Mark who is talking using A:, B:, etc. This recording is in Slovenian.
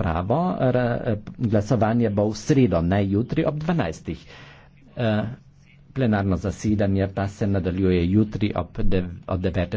A: sprawo. Eh, Głosowanie było w sredo, na jutro o 12. Plenarno zasiedanie pa se nadaljuje jutri o 9.